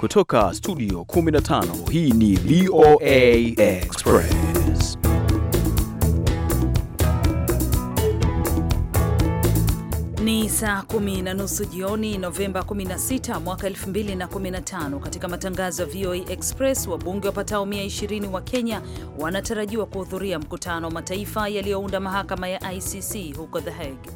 Kutoka studio 15 hii ni VOA Express. Ni saa kumi na nusu jioni Novemba 16 mwaka 2015. Katika matangazo ya VOA Express, wabunge wapatao 120 wa Kenya wanatarajiwa kuhudhuria mkutano wa mataifa yaliyounda mahakama ya ICC huko The Hague,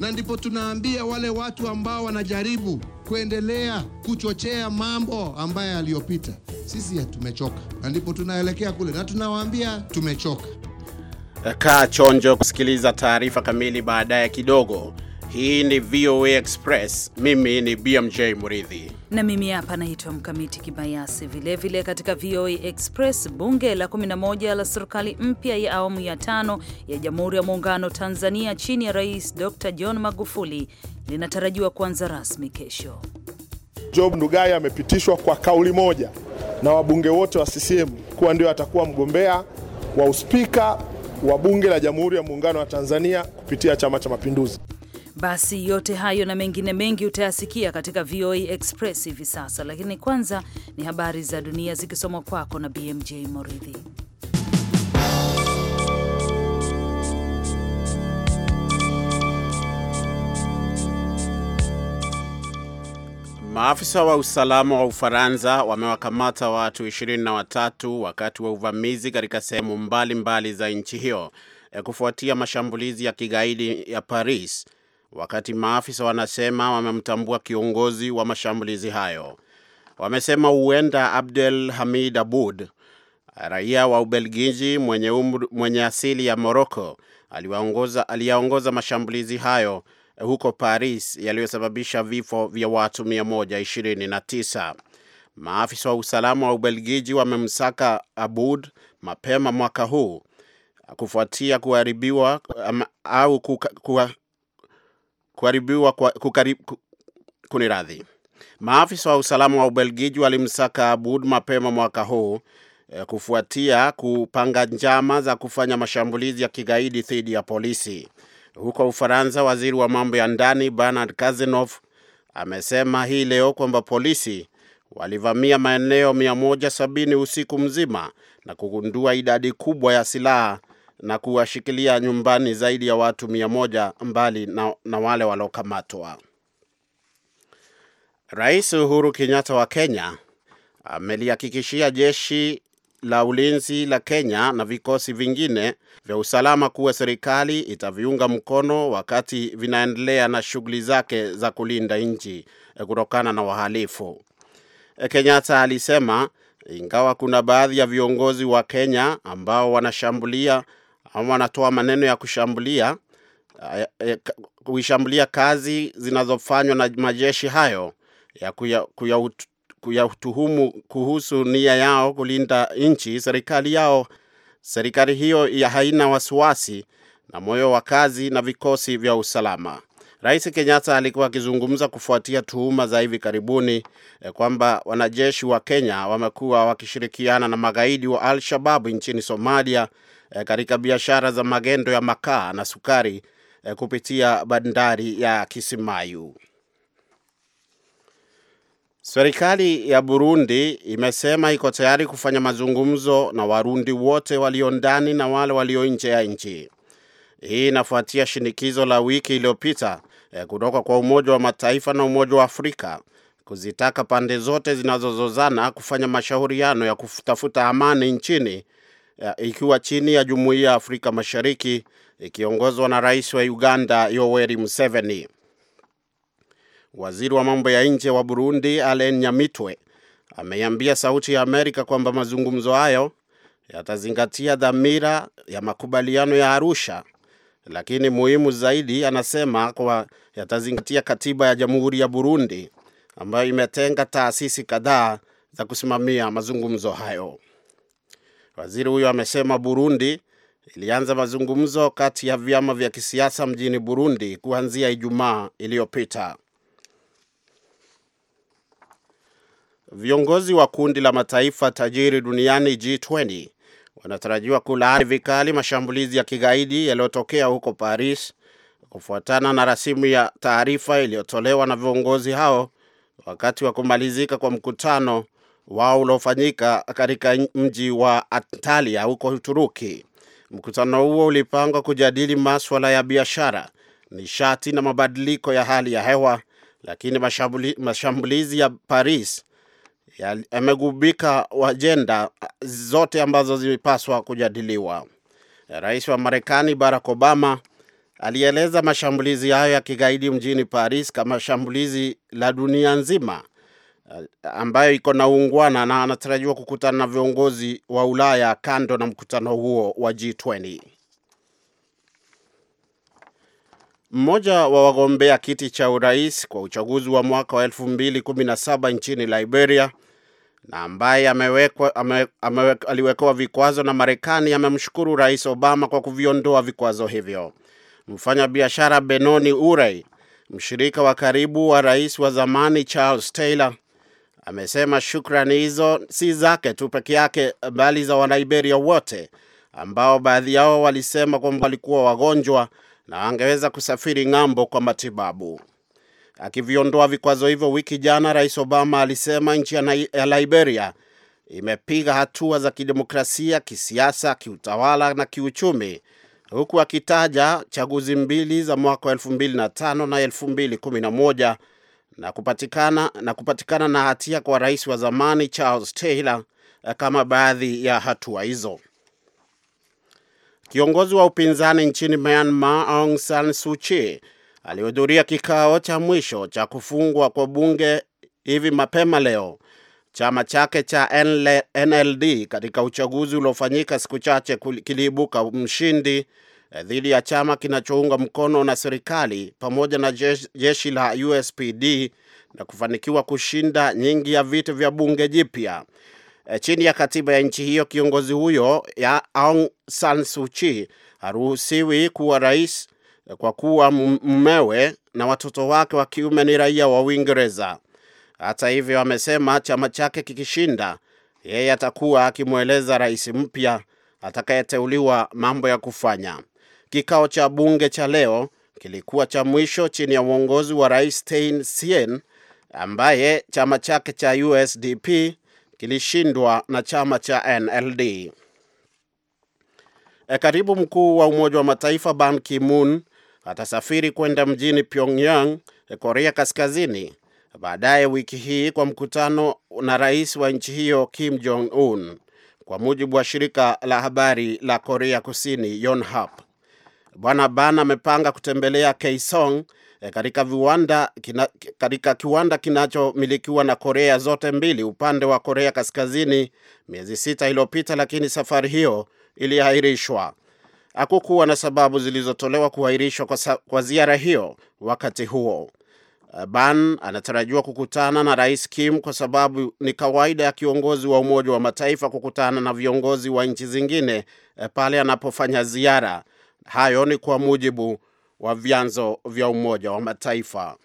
na ndipo tunaambia wale watu ambao wanajaribu kuendelea kuchochea mambo ambayo aliyopita. Sisi tumechoka, na ndipo tunaelekea kule, na tunawaambia tumechoka. Kaa chonjo kusikiliza taarifa kamili baadaye kidogo. Hii ni VOA Express. Mimi ni BMJ Muridhi na mimi hapa naitwa Mkamiti Kibayasi. Vilevile katika VOA Express, bunge la 11 la serikali mpya ya awamu ya tano ya Jamhuri ya Muungano Tanzania chini ya Rais Dr John Magufuli linatarajiwa kuanza rasmi kesho. Job Ndugai amepitishwa kwa kauli moja na wabunge wote wa CCM kuwa ndio atakuwa mgombea wa uspika wa bunge la Jamhuri ya Muungano wa Tanzania kupitia Chama cha Mapinduzi. Basi yote hayo na mengine mengi utayasikia katika VOA Express hivi sasa, lakini kwanza ni habari za dunia zikisomwa kwako na BMJ Moridhi. Maafisa wa usalama wa Ufaransa wamewakamata watu 23 wakati wa uvamizi katika sehemu mbalimbali za nchi hiyo eh, kufuatia mashambulizi ya kigaidi ya Paris wakati maafisa wanasema wamemtambua kiongozi wa mashambulizi hayo. Wamesema huenda Abdel Hamid Abud, raia wa Ubelgiji mwenye, umru, mwenye asili ya Moroko, aliyaongoza mashambulizi hayo huko Paris yaliyosababisha vifo vya watu 129. Maafisa wa usalama wa Ubelgiji wamemsaka Abud mapema mwaka huu kufuatia kuharibiwa au kuharibiwa kwa, kukarib, Maafisa wa usalama wa Ubelgiji walimsaka Abud mapema mwaka huu eh, kufuatia kupanga njama za kufanya mashambulizi ya kigaidi dhidi ya polisi. Huko Ufaransa, waziri wa mambo ya ndani Bernard Cazeneuve amesema hii leo kwamba polisi walivamia maeneo 170 usiku mzima na kugundua idadi kubwa ya silaha na kuwashikilia nyumbani zaidi ya watu mia moja mbali na, na wale waliokamatwa. Rais Uhuru Kenyatta wa Kenya amelihakikishia jeshi la ulinzi la Kenya na vikosi vingine vya usalama kuwa serikali itaviunga mkono wakati vinaendelea na shughuli zake za kulinda nchi eh, kutokana na wahalifu. Eh, Kenyatta alisema ingawa kuna baadhi ya viongozi wa Kenya ambao wanashambulia ama wanatoa maneno ya kushambulia eh, eh, kuishambulia kazi zinazofanywa na majeshi hayo ya kuyatuhumu kuya, kuya kuhusu nia yao kulinda nchi. Serikali yao serikali hiyo ya haina wasiwasi na moyo wa kazi na vikosi vya usalama. Rais Kenyatta alikuwa akizungumza kufuatia tuhuma za hivi karibuni eh, kwamba wanajeshi wa Kenya wamekuwa wakishirikiana na magaidi wa Al-Shababu nchini Somalia e, katika biashara za magendo ya makaa na sukari e, kupitia bandari ya Kisimayu. Serikali ya Burundi imesema iko tayari kufanya mazungumzo na Warundi wote walio ndani na wale walio nje ya nchi. Hii inafuatia shinikizo la wiki iliyopita eh, kutoka kwa Umoja wa Mataifa na Umoja wa Afrika kuzitaka pande zote zinazozozana kufanya mashauriano ya kutafuta amani nchini Eh, ikiwa chini ya Jumuiya ya Afrika Mashariki ikiongozwa na Rais wa Uganda Yoweri Museveni. Waziri wa mambo ya nje wa Burundi Alain Nyamitwe ameiambia Sauti ya Amerika kwamba mazungumzo hayo yatazingatia dhamira ya makubaliano ya Arusha, lakini muhimu zaidi, anasema kwa yatazingatia katiba ya Jamhuri ya Burundi ambayo imetenga taasisi kadhaa za kusimamia mazungumzo hayo. Waziri huyo amesema Burundi ilianza mazungumzo kati ya vyama vya kisiasa mjini Burundi kuanzia Ijumaa iliyopita. Viongozi wa kundi la mataifa tajiri duniani G20 wanatarajiwa kulaani vikali mashambulizi ya kigaidi yaliyotokea huko Paris kufuatana na rasimu ya taarifa iliyotolewa na viongozi hao wakati wa kumalizika kwa mkutano wao uliofanyika katika mji wa Antalya huko Uturuki. Mkutano huo ulipangwa kujadili maswala ya biashara, nishati na mabadiliko ya hali ya hewa, lakini mashambulizi ya Paris yamegubika ajenda zote ambazo zimepaswa kujadiliwa. Rais wa Marekani Barack Obama alieleza mashambulizi hayo ya kigaidi mjini Paris kama shambulizi la dunia nzima ambayo iko na uungwana na anatarajiwa kukutana na viongozi wa Ulaya kando na mkutano huo wa G20. Mmoja wa wagombea kiti cha urais kwa uchaguzi wa mwaka wa 2017 nchini Liberia na ambaye aliwekewa vikwazo na Marekani amemshukuru Rais Obama kwa kuviondoa vikwazo hivyo. Mfanyabiashara Benoni Urey, mshirika wa karibu wa rais wa zamani Charles Taylor, amesema shukrani hizo si zake tu peke yake, bali za Wanaiberia wote ambao baadhi yao walisema kwamba walikuwa wagonjwa na angeweza kusafiri ng'ambo kwa matibabu. Akiviondoa vikwazo hivyo wiki jana, Rais Obama alisema nchi ya Liberia imepiga hatua za kidemokrasia, kisiasa, kiutawala na kiuchumi, huku akitaja chaguzi mbili za mwaka wa 2005 na 2011 na kupatikana na kupatikana na hatia kwa rais wa zamani Charles Taylor eh, kama baadhi ya hatua hizo. Kiongozi wa upinzani nchini Myanmar Aung San Suu Kyi alihudhuria kikao cha mwisho cha kufungwa kwa bunge hivi mapema leo chama chake cha NLD katika uchaguzi uliofanyika siku chache kiliibuka mshindi Eh, dhidi ya chama kinachounga mkono na serikali pamoja na jeshi la USPD na kufanikiwa kushinda nyingi ya viti vya bunge jipya. Eh, chini ya katiba ya nchi hiyo, kiongozi huyo ya Aung San Suu Kyi haruhusiwi kuwa rais eh, kwa kuwa mmewe na watoto wake wa kiume ni raia wa Uingereza. Hata hivyo, amesema chama chake kikishinda, yeye atakuwa akimweleza rais mpya atakayeteuliwa mambo ya kufanya. Kikao cha bunge cha leo kilikuwa cha mwisho chini ya uongozi wa Rais Thein Sein ambaye chama chake cha USDP kilishindwa na chama cha NLD. E, katibu mkuu wa Umoja wa Mataifa Ban Ki-moon atasafiri kwenda mjini Pyongyang, e, Korea Kaskazini baadaye wiki hii kwa mkutano na rais wa nchi hiyo Kim Jong Un, kwa mujibu wa shirika la habari la Korea Kusini Yonhap. Bwana Ban amepanga kutembelea Kaesong e, katika viwanda kina, katika kiwanda kinachomilikiwa na Korea zote mbili upande wa Korea Kaskazini miezi sita iliyopita, lakini safari hiyo iliahirishwa. Hakukuwa na sababu zilizotolewa kuahirishwa kwa, kwa ziara hiyo. Wakati huo eh, Ban anatarajiwa kukutana na Rais Kim kwa sababu ni kawaida ya kiongozi wa Umoja wa Mataifa kukutana na viongozi wa nchi zingine eh, pale anapofanya ziara. Hayo ni kwa mujibu wa vyanzo vya Umoja wa Mataifa.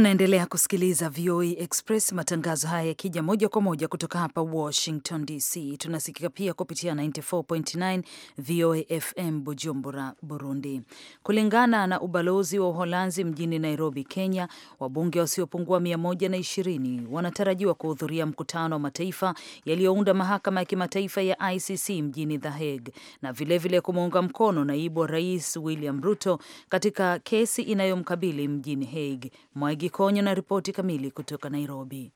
Mnaendelea kusikiliza VOA e Express, matangazo haya yakija moja kwa moja kutoka hapa Washington DC. Tunasikika pia kupitia 94.9 VOA FM Bujumbura, Burundi. Kulingana na ubalozi wa Uholanzi mjini Nairobi, Kenya, wabunge wasiopungua 120 wanatarajiwa kuhudhuria mkutano wa mataifa yaliyounda mahakama ya kimataifa ya ICC mjini The Hague na vilevile kumuunga mkono naibu wa rais William Ruto katika kesi inayomkabili mjini Hague. Mwagi Mwaidikonya na ripoti kamili kutoka Nairobi.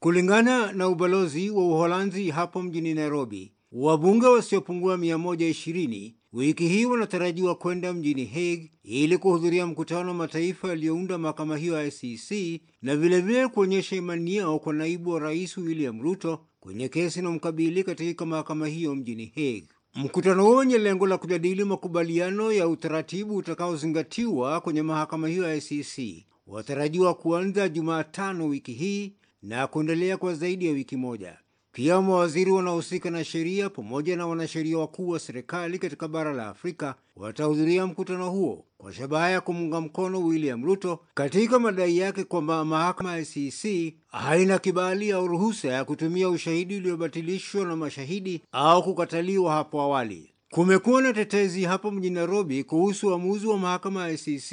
Kulingana na ubalozi wa Uholanzi hapo mjini Nairobi, wabunge wasiopungua 120 wiki hii wanatarajiwa kwenda mjini Hague ili kuhudhuria mkutano wa mataifa yaliyounda mahakama hiyo ya ICC e na vilevile kuonyesha imani yao kwa naibu wa rais William Ruto kwenye kesi inayomkabili katika mahakama hiyo mjini Hague. Mkutano huo wenye lengo la kujadili makubaliano ya utaratibu utakaozingatiwa kwenye mahakama hiyo ya ICC watarajiwa kuanza Jumatano wiki hii na kuendelea kwa zaidi ya wiki moja. Pia mawaziri wanaohusika na sheria pamoja na wanasheria wakuu wa serikali katika bara la Afrika watahudhuria mkutano huo kwa shabaha ya kumuunga mkono William Ruto katika madai yake kwamba mahakama ya ICC haina kibali au ruhusa ya kutumia ushahidi uliobatilishwa na mashahidi au kukataliwa hapo awali. Kumekuwa na tetezi hapo mjini Nairobi kuhusu uamuzi wa mahakama ya ICC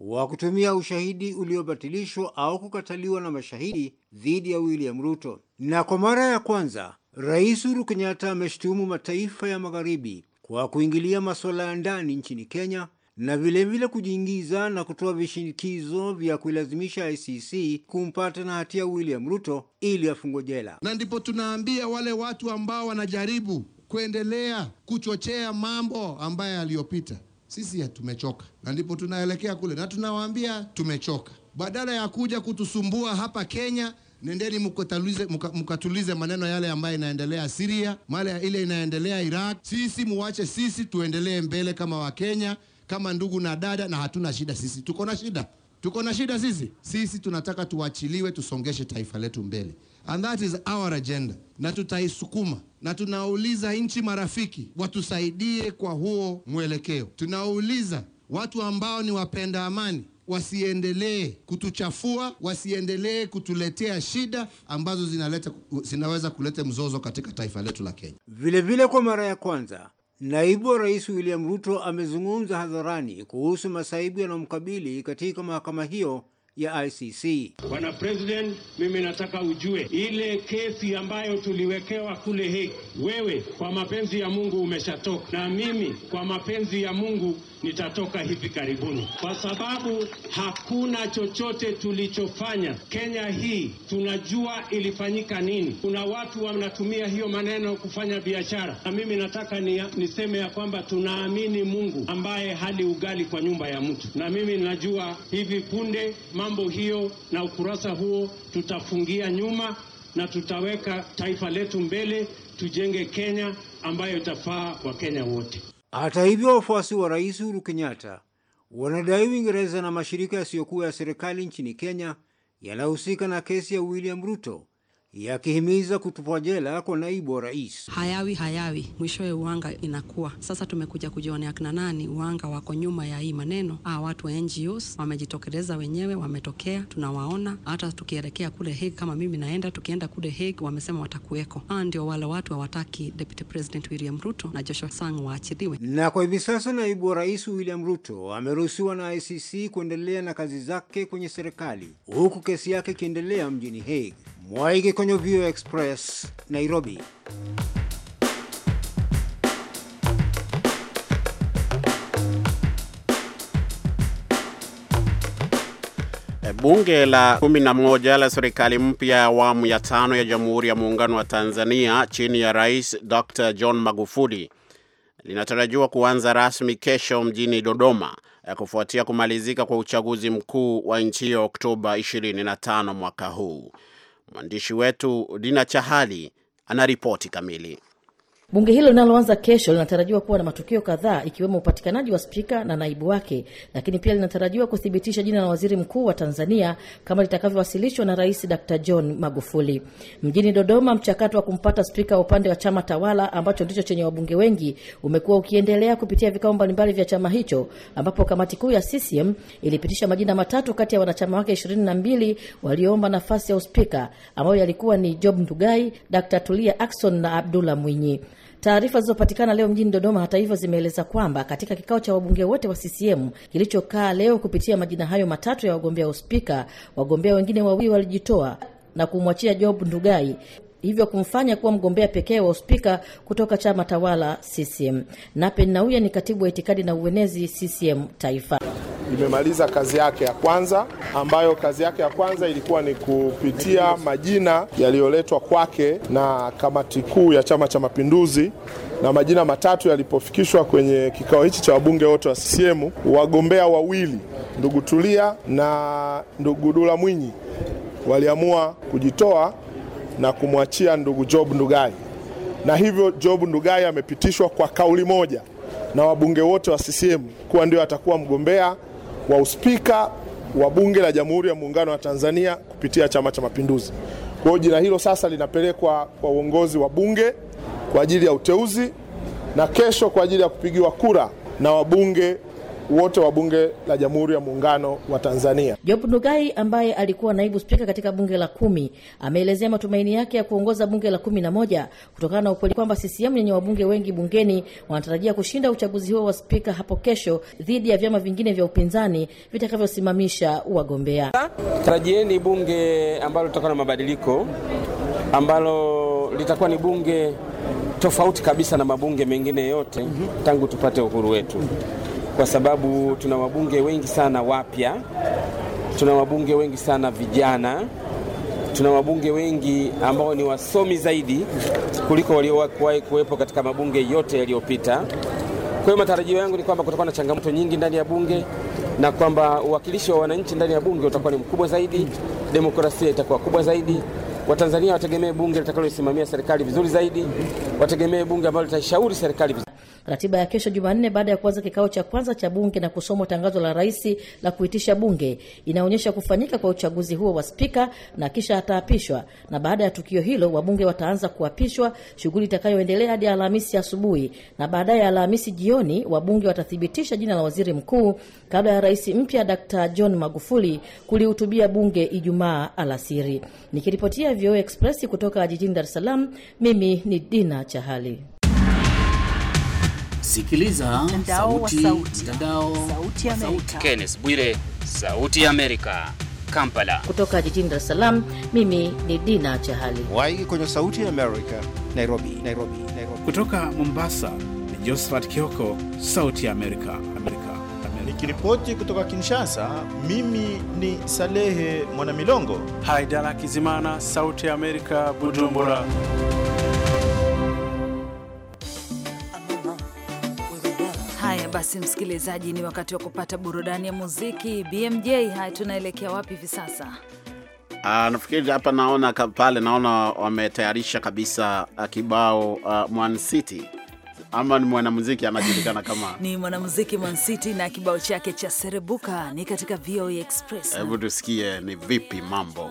wa kutumia ushahidi uliobatilishwa au kukataliwa na mashahidi dhidi ya William Ruto. Na kwa mara ya kwanza Rais Uhuru Kenyatta ameshtumu mataifa ya magharibi kwa kuingilia masuala ya ndani nchini Kenya na vilevile kujiingiza na kutoa vishinikizo vya kuilazimisha ICC kumpata na hatia William Ruto ili afungwe jela. Na ndipo tunaambia wale watu ambao wanajaribu kuendelea kuchochea mambo ambayo yaliyopita sisi tumechoka, na ndipo tunaelekea kule, na tunawaambia tumechoka. Badala ya kuja kutusumbua hapa Kenya, nendeni mkatulize, mkatulize maneno yale ambayo inaendelea Syria, mali ile inaendelea Iraq. Sisi muwache sisi tuendelee mbele kama Wakenya, kama ndugu na dada, na hatuna shida sisi. Tuko na shida, tuko na shida sisi. Sisi tunataka tuachiliwe, tusongeshe taifa letu mbele and that is our agenda, na tutaisukuma na tunauliza nchi marafiki watusaidie kwa huo mwelekeo. Tunauliza watu ambao ni wapenda amani wasiendelee kutuchafua, wasiendelee kutuletea shida ambazo zinaleta, zinaweza kuleta mzozo katika taifa letu la Kenya. Vilevile vile kwa mara ya kwanza Naibu wa Rais William Ruto amezungumza hadharani kuhusu masaibu yanayomkabili katika mahakama hiyo ya ICC. Bwana President, mimi nataka ujue ile kesi ambayo tuliwekewa kule Hague, wewe kwa mapenzi ya Mungu umeshatoka na mimi kwa mapenzi ya Mungu nitatoka hivi karibuni, kwa sababu hakuna chochote tulichofanya. Kenya hii tunajua ilifanyika nini. Kuna watu wanatumia hiyo maneno kufanya biashara, na mimi nataka ni, niseme ya kwamba tunaamini Mungu ambaye hali ugali kwa nyumba ya mtu, na mimi najua hivi punde mambo hiyo na ukurasa huo tutafungia nyuma na tutaweka taifa letu mbele, tujenge Kenya ambayo itafaa kwa Kenya wote. Hata hivyo, wafuasi wa Rais Uhuru Kenyatta wanadai Uingereza na mashirika yasiyokuwa ya serikali nchini Kenya yanahusika na kesi ya William Ruto yakihimiza kutupwa jela kwa naibu wa rais. Hayawi hayawi, mwishowe uanga inakuwa sasa. Tumekuja kujionea kina nani uanga wako nyuma ya hii maneno. Aa, ah, watu wa NGOs wamejitokeleza wenyewe, wametokea, tunawaona. Hata tukielekea kule Hague, kama mimi naenda, tukienda kule Hague wamesema watakuweko. Aa, ah, ndio wale watu hawataki Deputy President William Ruto na Joshua Sang waachiliwe. Na kwa hivi sasa naibu wa rais William Ruto ameruhusiwa na ICC kuendelea na kazi zake kwenye serikali, huku kesi yake ikiendelea mjini Hague. Mwaige kwenye VOA Express Nairobi. Bunge la 11 la serikali mpya ya awamu ya tano ya Jamhuri ya Muungano wa Tanzania chini ya Rais Dr. John Magufuli linatarajiwa kuanza rasmi kesho mjini Dodoma eh, kufuatia kumalizika kwa uchaguzi mkuu wa nchi hiyo Oktoba 25 mwaka huu. Mwandishi wetu Dina Chahali anaripoti kamili. Bunge hilo linaloanza kesho linatarajiwa kuwa na matukio kadhaa ikiwemo upatikanaji wa spika na naibu wake, lakini pia linatarajiwa kuthibitisha jina la waziri mkuu wa Tanzania kama litakavyowasilishwa na Rais Dr John Magufuli. Mjini Dodoma, mchakato wa kumpata spika wa upande wa chama tawala ambacho ndicho chenye wabunge wengi umekuwa ukiendelea kupitia vikao mbalimbali vya chama hicho, ambapo kamati kuu ya CCM ilipitisha majina matatu kati ya wanachama wake 22 walioomba nafasi ya uspika ambayo yalikuwa ni Job Ndugai, Dr Tulia Akson na Abdullah Mwinyi. Taarifa zilizopatikana leo mjini Dodoma, hata hivyo, zimeeleza kwamba katika kikao cha wabunge wote wa CCM kilichokaa leo kupitia majina hayo matatu ya wagombea uspika, wagombea wengine wawili walijitoa na kumwachia Job Ndugai hivyo kumfanya kuwa mgombea pekee wa uspika kutoka chama tawala CCM. Nape Nnauye ni katibu wa itikadi na uenezi CCM Taifa imemaliza kazi yake ya kwanza, ambayo kazi yake ya kwanza ilikuwa ni kupitia majina yaliyoletwa kwake na kamati kuu ya Chama cha Mapinduzi na majina matatu yalipofikishwa kwenye kikao hichi cha wabunge wote wa CCM, wagombea wawili ndugu Tulia na ndugu Dula Mwinyi waliamua kujitoa na kumwachia ndugu Job Ndugai, na hivyo Job Ndugai amepitishwa kwa kauli moja na wabunge wote wa CCM kuwa ndio atakuwa mgombea wa uspika wa Bunge la Jamhuri ya Muungano wa Tanzania kupitia Chama cha Mapinduzi. Kwa hiyo jina hilo sasa linapelekwa kwa uongozi wa Bunge kwa ajili ya uteuzi na kesho kwa ajili ya kupigiwa kura na wabunge wote wa Bunge la Jamhuri ya Muungano wa Tanzania. Job Ndugai ambaye alikuwa naibu spika katika Bunge la kumi ameelezea matumaini yake ya kuongoza Bunge la kumi na moja kutokana na ukweli kwamba CCM yenye wabunge wengi bungeni wanatarajia kushinda uchaguzi huo wa spika hapo kesho dhidi ya vyama vingine vya upinzani vitakavyosimamisha wagombea. Tarajieni bunge ambalo litakuwa na mabadiliko, ambalo litakuwa ni bunge tofauti kabisa na mabunge mengine yote tangu tupate uhuru wetu kwa sababu tuna wabunge wengi sana wapya, tuna wabunge wengi sana vijana, tuna wabunge wengi ambao ni wasomi zaidi kuliko waliowahi kuwepo katika mabunge yote yaliyopita. Kwa hiyo matarajio yangu ni kwamba kutakuwa na changamoto nyingi ndani ya bunge na kwamba uwakilishi wa wananchi ndani ya bunge utakuwa ni mkubwa zaidi, demokrasia itakuwa kubwa zaidi. Watanzania wategemee bunge litakaloisimamia serikali vizuri zaidi, wategemee bunge ambalo litaishauri serikali vizuri. Ratiba ya kesho Jumanne, baada ya kuanza kikao cha kwanza cha bunge na kusomwa tangazo la rais la kuitisha bunge, inaonyesha kufanyika kwa uchaguzi huo wa spika na kisha ataapishwa. Na baada ya tukio hilo, wabunge wataanza kuapishwa, shughuli itakayoendelea hadi Alhamisi asubuhi, na baadaye Alhamisi jioni wabunge watathibitisha jina la waziri mkuu kabla ya rais mpya Dkt. John Magufuli kulihutubia bunge Ijumaa alasiri. Nikiripotia VOA Express kutoka jijini Dar es Salaam, mimi ni Dina Chahali. Sikiliza mtandao sauti, sauti, mtandao sauti ya Kenneth Bwire, Sauti ya Amerika, Kampala. Kutoka jijini Dar es Salaam, mimi ni Dina Chahali. Waiki kwenye Sauti ya Amerika, Nairobi, Nairobi, Nairobi. Kutoka Mombasa ni Josephat Kioko, Sauti ya Amerika, Amerika. Nikiripoti kutoka Kinshasa, mimi ni Salehe Mwanamilongo. Haidara Kizimana, Sauti ya Amerika, Bujumbura. basi msikilizaji, ni wakati wa kupata burudani ya muziki. BMJ, haya tunaelekea wapi hivi sasa? Uh, nafikiri hapa naona pale naona wametayarisha kabisa ah, kibao uh, ah, Mwan City ama ni mwanamuziki anajulikana kama ni mwanamuziki Mwan City na kibao chake cha Serebuka ni katika VOA e Express. Hebu tusikie ni vipi mambo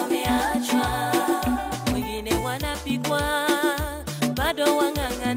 wameachwa wengine wanapikwa bado wang'ang'a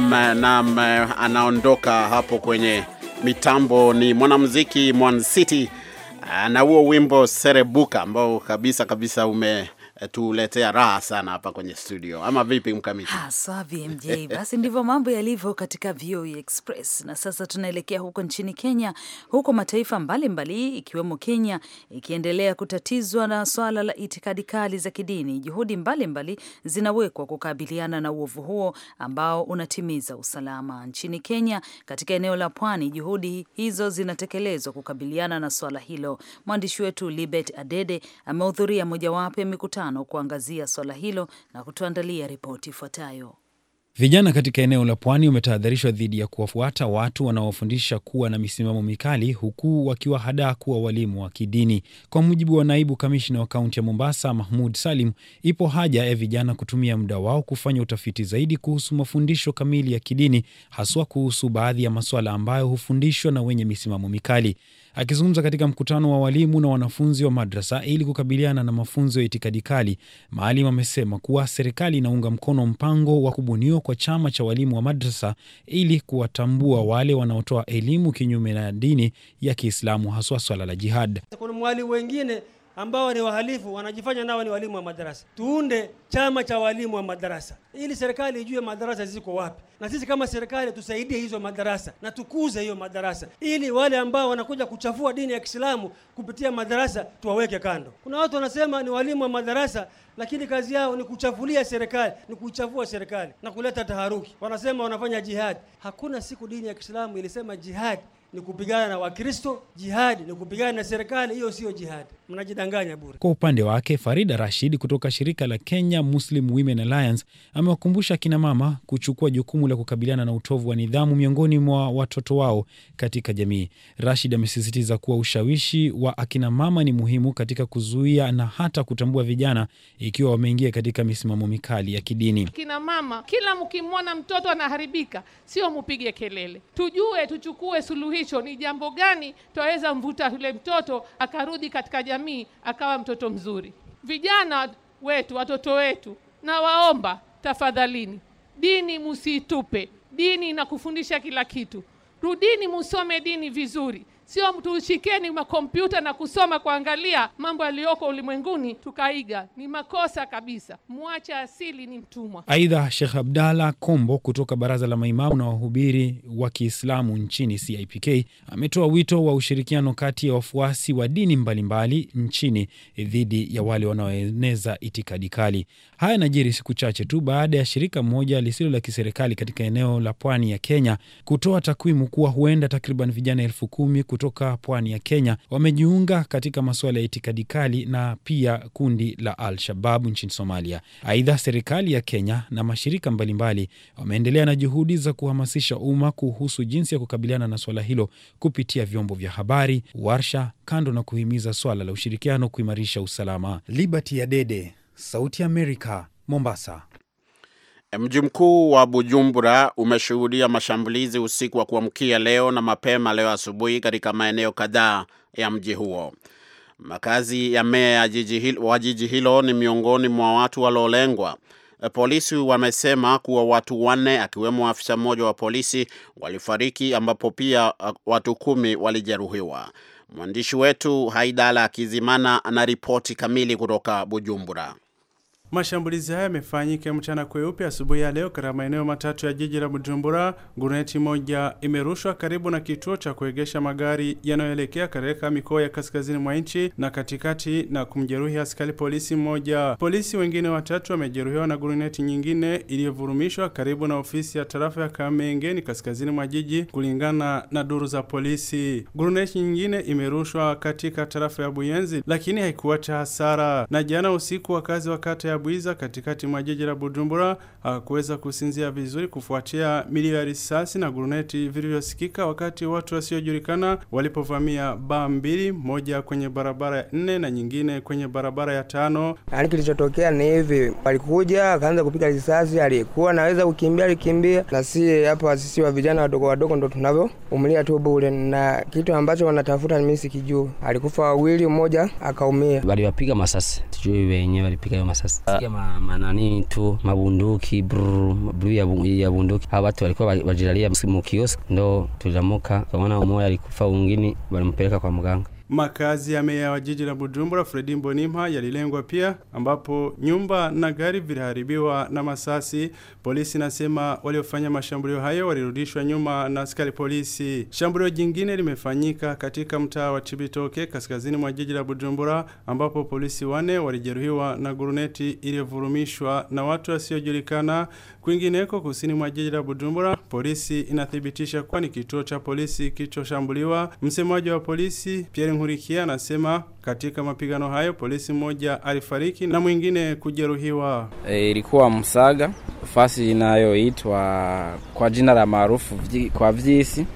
Nam, nam anaondoka hapo kwenye mitambo. Ni mwanamuziki Mwan City na huo wimbo Serebuka ambao kabisa kabisa ume tuletea raha sana hapa kwenye studio, ama vipi Mkamiti? Haswa VMJ, Basi ndivyo mambo yalivyo katika VOA e Express, na sasa tunaelekea huko nchini Kenya, huko mataifa mbalimbali mbali, ikiwemo Kenya ikiendelea kutatizwa na swala la itikadi kali za kidini. Juhudi mbalimbali zinawekwa kukabiliana na uovu huo ambao unatimiza usalama nchini Kenya. Katika eneo la pwani, juhudi hizo zinatekelezwa kukabiliana na swala hilo. Mwandishi wetu Libet Adede amehudhuria mojawapo ya mikutano tano kuangazia swala hilo na kutuandalia ripoti ifuatayo. Vijana katika eneo la pwani wametahadharishwa dhidi ya kuwafuata watu wanaofundisha kuwa na misimamo mikali huku wakiwa hada kuwa walimu wa kidini. Kwa mujibu wa naibu kamishna wa kaunti ya Mombasa, Mahmud Salim, ipo haja ya vijana kutumia muda wao kufanya utafiti zaidi kuhusu mafundisho kamili ya kidini, haswa kuhusu baadhi ya masuala ambayo hufundishwa na wenye misimamo mikali. Akizungumza katika mkutano wa walimu na wanafunzi wa madrasa ili kukabiliana na mafunzo ya itikadi kali, Maalim amesema kuwa serikali inaunga mkono mpango wa kubuniwa kwa chama cha walimu wa madrasa ili kuwatambua wale wanaotoa elimu kinyume na dini ya Kiislamu, haswa swala la jihad. Kuna mwalimu wengine ambao ni wahalifu wanajifanya nao ni walimu wa madarasa. Tuunde chama cha walimu wa madarasa ili serikali ijue madarasa ziko wapi, na sisi kama serikali tusaidie hizo madarasa na tukuze hiyo madarasa, ili wale ambao wanakuja kuchafua dini ya Kiislamu kupitia madarasa tuwaweke kando. Kuna watu wanasema ni walimu wa madarasa, lakini kazi yao ni kuchafulia serikali, ni kuichafua serikali na kuleta taharuki. Wanasema wanafanya jihad. Hakuna siku dini ya Kiislamu ilisema jihad ni kupigana na Wakristo. Jihadi ni kupigana na serikali, hiyo siyo jihadi, mnajidanganya bure. Kwa upande wake, Farida Rashid kutoka shirika la Kenya Muslim Women Alliance amewakumbusha akinamama kuchukua jukumu la kukabiliana na utovu wa nidhamu miongoni mwa watoto wao katika jamii. Rashid amesisitiza kuwa ushawishi wa akinamama ni muhimu katika kuzuia na hata kutambua vijana ikiwa wameingia katika misimamo mikali ya kidini. mama, kila mkimwona mtoto anaharibika, sio mupige kelele, tujue tuchukue suluhi hicho ni jambo gani twaweza mvuta yule mtoto akarudi katika jamii akawa mtoto mzuri. Vijana wetu, watoto wetu, nawaomba tafadhalini, dini musiitupe. Dini inakufundisha kila kitu. Rudini musome dini vizuri sio mtu ushikeni makompyuta na kusoma kuangalia mambo yaliyoko ulimwenguni tukaiga. Ni makosa kabisa, mwacha asili ni mtumwa. Aidha, Shekh Abdalla Kombo kutoka Baraza la Maimamu na Wahubiri wa Kiislamu nchini CIPK ametoa wito wa ushirikiano kati ya wafuasi wa dini mbalimbali nchini dhidi ya wale wanaoeneza itikadi kali. Haya yanajiri siku chache tu baada ya shirika mmoja lisilo la kiserikali katika eneo la pwani ya Kenya kutoa takwimu kuwa huenda takriban vijana elfu kumi kutoka pwani ya Kenya wamejiunga katika masuala ya itikadi kali na pia kundi la Al-Shabab nchini Somalia. Aidha, serikali ya Kenya na mashirika mbalimbali wameendelea na juhudi za kuhamasisha umma kuhusu jinsi ya kukabiliana na swala hilo kupitia vyombo vya habari, warsha, kando na kuhimiza swala la ushirikiano kuimarisha usalama. Liberty ya Dede, Sauti ya Amerika, Mombasa. Mji mkuu wa Bujumbura umeshuhudia mashambulizi usiku wa kuamkia leo na mapema leo asubuhi katika maeneo kadhaa ya mji huo. Makazi ya meya wa jiji hilo ni miongoni mwa watu waliolengwa. Polisi wamesema kuwa watu wanne akiwemo afisa mmoja wa polisi walifariki, ambapo pia uh, watu kumi walijeruhiwa. Mwandishi wetu Haidala Kizimana anaripoti kamili kutoka Bujumbura. Mashambulizi haya yamefanyika mchana kweupe asubuhi ya leo katika maeneo matatu ya jiji la Bujumbura. Guruneti moja imerushwa karibu na kituo cha kuegesha magari yanayoelekea katika mikoa ya kaskazini mwa nchi na katikati, na kumjeruhi askari polisi mmoja. Polisi wengine watatu wamejeruhiwa na guruneti nyingine iliyovurumishwa karibu na ofisi ya tarafa ya Kamengeni, kaskazini mwa jiji, kulingana na duru za polisi. Guruneti nyingine imerushwa katika tarafa ya Buyenzi, lakini haikuacha hasara. Na jana usiku wakazi wa kata ya Bwiza katikati mwa jiji la Bujumbura ah, kuweza kusinzia vizuri kufuatia milio ya risasi na guruneti vilivyosikika wakati watu wasiojulikana walipovamia baa mbili, moja kwenye barabara ya nne na nyingine kwenye barabara ya tano. Yaani kilichotokea ni hivi, walikuja akaanza kupiga risasi, aliyekuwa naweza kukimbia alikimbia, na si hapa sisi wa vijana wadogo wadogo ndo tunavyo umlia tu bure, na kitu ambacho wanatafuta mimi kijuu Alikufa wawili, mmoja akaumia, waliwapiga masasi, sijui wenyewe walipiga hiyo masasi Ah. manani tu mabunduki bru ya bunduki hawa watu walikuwa wajilalia mu kiosk ndo tujamuka tukaona mmoja alikufa ungini walimpeleka kwa mganga Makazi ya meya wa jiji la Bujumbura Fredi Mbonimpa yalilengwa pia, ambapo nyumba na gari viliharibiwa na masasi. Polisi nasema waliofanya mashambulio hayo walirudishwa nyuma na askari polisi. Shambulio jingine limefanyika katika mtaa wa Chibitoke kaskazini mwa jiji la Bujumbura, ambapo polisi wane walijeruhiwa na guruneti iliyovurumishwa na watu wasiojulikana. Kwingineko kusini mwa jiji la Bujumbura, polisi inathibitisha kuwa ni kituo cha polisi kilichoshambuliwa. Msemaji wa polisi Pierre Nkurikiye anasema katika mapigano hayo polisi mmoja alifariki na mwingine kujeruhiwa. E, ilikuwa Msaga, fasi inayoitwa kwa jina la maarufu kwa Vyisi,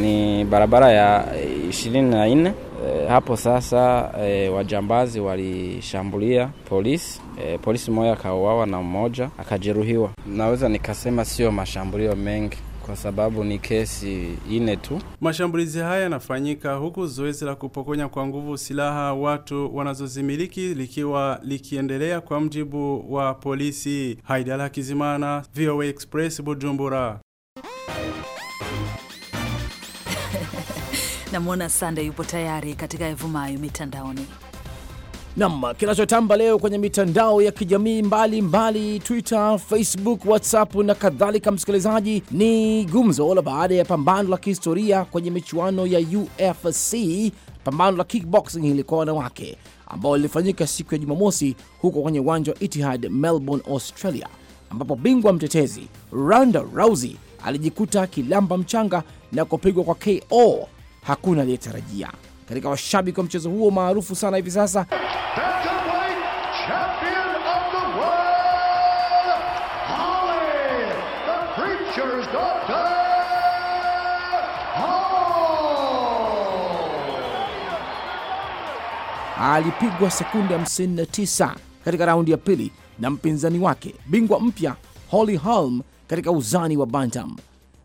ni barabara ya ishirini na nne. E, hapo sasa e, wajambazi walishambulia polisi e, polisi mmoja akauawa na mmoja akajeruhiwa. Naweza nikasema sio mashambulio mengi kwa sababu ni kesi ine tu. Mashambulizi haya yanafanyika huku zoezi la kupokonya kwa nguvu silaha watu wanazozimiliki likiwa likiendelea, kwa mjibu wa polisi. Haidala Kizimana, VOA Express, Bujumbura. Namwona Sande yupo tayari katika evumayo mitandaoni. Nam, kinachotamba leo kwenye mitandao ya kijamii mbalimbali mbali, Twitter, Facebook, WhatsApp na kadhalika, msikilizaji, ni gumzo la baada ya pambano la kihistoria kwenye michuano ya UFC, pambano la kickboxing ilikuwa wanawake ambao lilifanyika siku ya Jumamosi huko kwenye uwanja wa Etihad, Melbourne, Australia, ambapo bingwa mtetezi Ronda Rousey alijikuta akilamba mchanga na kupigwa kwa KO. Hakuna aliyetarajia katika washabiki wa mchezo huo maarufu sana hivi sasa. Alipigwa sekunde 59 katika raundi ya pili na mpinzani wake bingwa mpya Holly Holm katika uzani wa bantam.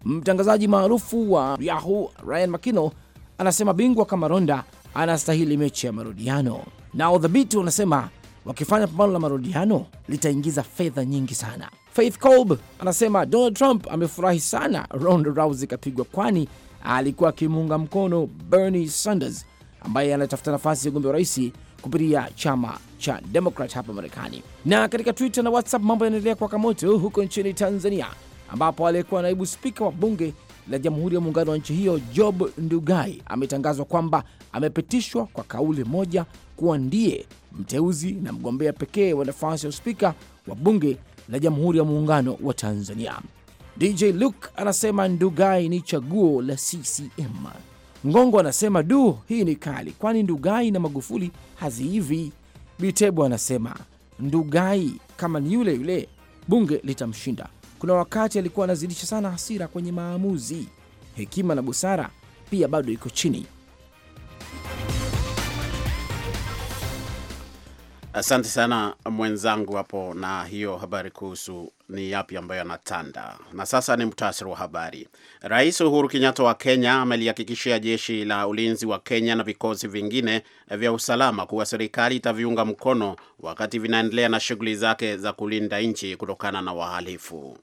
Mtangazaji maarufu wa Yahoo Ryan McKinnell anasema bingwa kama ronda anastahili mechi ya marudiano, na udhabiti unasema wakifanya pambano la marudiano litaingiza fedha nyingi sana. Faith Kolb anasema Donald Trump amefurahi sana Ronda Rousey ikapigwa, kwani alikuwa akimuunga mkono Bernie Sanders ambaye anatafuta nafasi ya ugombea wa raisi kupitia chama cha Demokrat hapa Marekani. Na katika Twitter na WhatsApp mambo yanaendelea kwa kamoto huko nchini Tanzania, ambapo aliyekuwa naibu spika wa bunge la Jamhuri ya Muungano wa nchi hiyo Job Ndugai ametangazwa kwamba amepitishwa kwa kauli moja kuwa ndiye mteuzi na mgombea pekee wa nafasi ya uspika wa bunge la Jamhuri ya Muungano wa Tanzania. DJ Luke anasema Ndugai ni chaguo la CCM. Ngongo anasema du, hii ni kali, kwani Ndugai na Magufuli haziivi. Bitebo anasema Ndugai kama ni yule yule bunge litamshinda kuna wakati alikuwa anazidisha sana hasira kwenye maamuzi. Hekima na busara pia bado iko chini. Asante sana mwenzangu hapo na hiyo habari kuhusu ni yapi ambayo yanatanda. Na sasa ni muhtasari wa habari. Rais Uhuru Kenyatta wa Kenya amelihakikishia jeshi la ulinzi wa Kenya na vikosi vingine vya usalama kuwa serikali itaviunga mkono wakati vinaendelea na shughuli zake za kulinda nchi kutokana na wahalifu.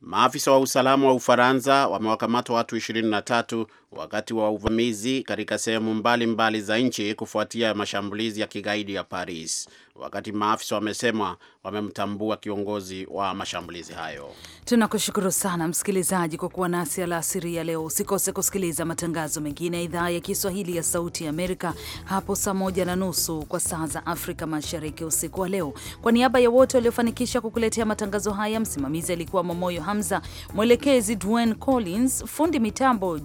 Maafisa wa usalama wa Ufaransa wamewakamata watu 23 wakati wa uvamizi katika sehemu mbalimbali za nchi kufuatia mashambulizi ya kigaidi ya Paris wakati maafisa wamesema wamemtambua kiongozi wa mashambulizi hayo. Tunakushukuru sana msikilizaji kwa kuwa nasi alasiri ya leo. Usikose kusikiliza matangazo mengine ya idhaa ya Kiswahili ya Sauti ya Amerika hapo saa moja na nusu kwa saa za Afrika Mashariki usiku wa leo. Kwa niaba ya wote waliofanikisha kukuletea matangazo haya, msimamizi alikuwa Momoyo Hamza, mwelekezi Dwayne Collins, fundi mitambo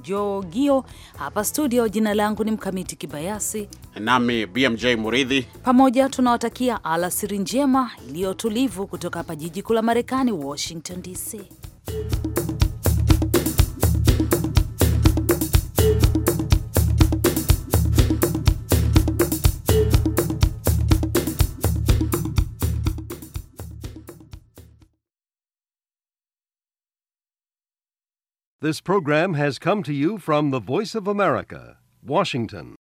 Gio, hapa studio. Jina langu ni Mkamiti Kibayasi nami BMJ Muridhi, pamoja tunawatakia alasiri njema kutoka hapa jiji kuu la Marekani, Washington DC. This program has come to you from the Voice of America, Washington.